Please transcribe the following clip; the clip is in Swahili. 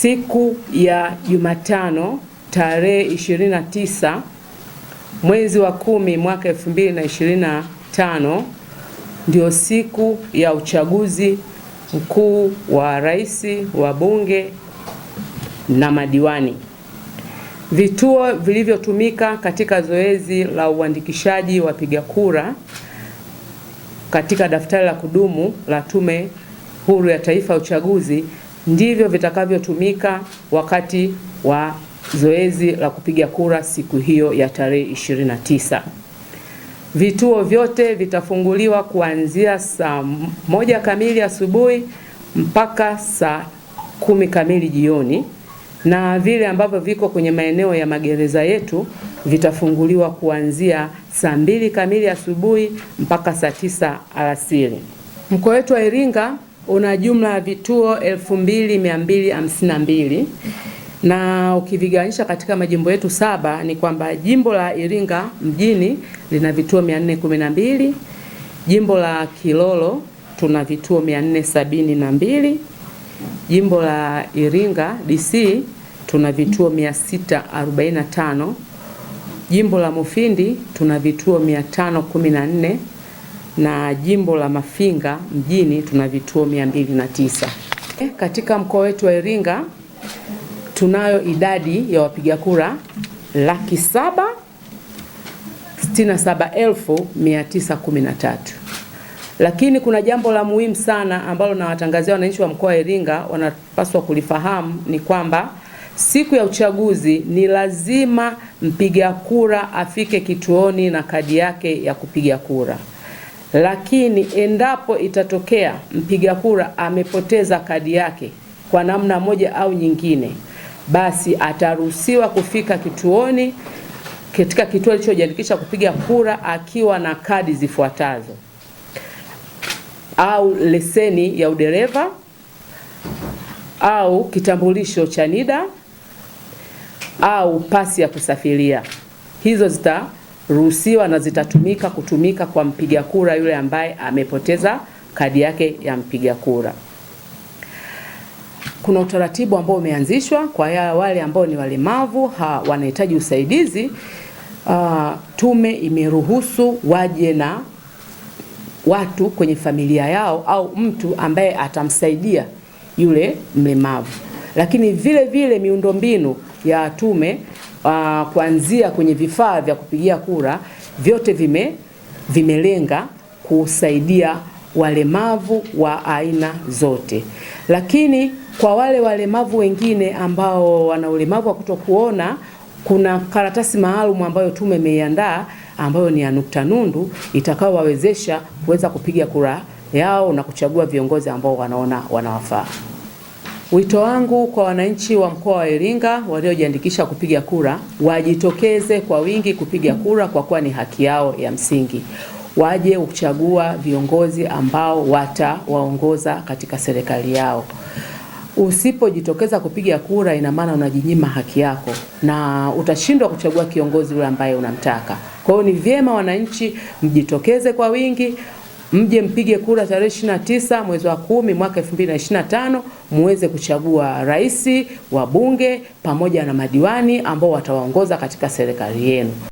siku ya Jumatano tarehe 29 mwezi wa kumi mwaka 2025 ndio siku ya uchaguzi mkuu wa rais, wa bunge na madiwani. Vituo vilivyotumika katika zoezi la uandikishaji wapiga kura katika daftari la kudumu la Tume Huru ya Taifa ya Uchaguzi ndivyo vitakavyotumika wakati wa zoezi la kupiga kura siku hiyo ya tarehe 29. Vituo vyote vitafunguliwa kuanzia saa moja kamili asubuhi mpaka saa kumi kamili jioni, na vile ambavyo viko kwenye maeneo ya magereza yetu vitafunguliwa kuanzia saa mbili kamili asubuhi mpaka saa tisa alasiri. Mkoa wetu wa Iringa una jumla ya vituo 2252 na ukivigawanisha katika majimbo yetu saba ni kwamba jimbo la Iringa mjini lina vituo 412, jimbo la Kilolo tuna vituo 472, jimbo la Iringa DC tuna vituo 645, jimbo la Mufindi tuna vituo 514 na jimbo la Mafinga mjini tuna vituo 209. Eh, katika mkoa wetu wa Iringa tunayo idadi ya wapiga kura laki saba sitini na saba elfu mia tisa kumi na tatu. Lakini kuna jambo la muhimu sana ambalo nawatangazia wananchi wa mkoa wa Iringa wanapaswa kulifahamu ni kwamba siku ya uchaguzi ni lazima mpiga kura afike kituoni na kadi yake ya kupiga kura lakini endapo itatokea mpiga kura amepoteza kadi yake kwa namna moja au nyingine, basi ataruhusiwa kufika kituoni katika kituo alichojiandikisha kupiga kura akiwa na kadi zifuatazo au leseni ya udereva au kitambulisho cha NIDA au pasi ya kusafiria. Hizo zita ruhusiwa na zitatumika kutumika kwa mpiga kura yule ambaye amepoteza kadi yake ya mpiga kura. Kuna utaratibu ambao umeanzishwa kwa ya wale ambao ni walemavu wanahitaji usaidizi. Uh, tume imeruhusu waje na watu kwenye familia yao au mtu ambaye atamsaidia yule mlemavu, lakini vile vile miundombinu ya tume uh, kuanzia kwenye vifaa vya kupigia kura vyote vime, vimelenga kusaidia walemavu wa aina zote, lakini kwa wale walemavu wengine ambao wana ulemavu wa kutokuona kuna karatasi maalum ambayo tume imeiandaa ambayo ni ya nukta nundu itakayowawezesha kuweza kupiga kura yao na kuchagua viongozi ambao wanaona wanawafaa. Wito wangu kwa wananchi wa mkoa wa Iringa waliojiandikisha kupiga kura wajitokeze kwa wingi kupiga kura, kwa kuwa ni haki yao ya msingi. Waje kuchagua viongozi ambao watawaongoza katika serikali yao. Usipojitokeza kupiga kura, ina maana unajinyima haki yako na utashindwa kuchagua kiongozi yule ambaye unamtaka. Kwa hiyo ni vyema wananchi mjitokeze kwa wingi mje mpige kura tarehe 29 mwezi wa kumi mwaka 2025 muweze kuchagua rais, wabunge pamoja na madiwani ambao watawaongoza katika serikali yenu.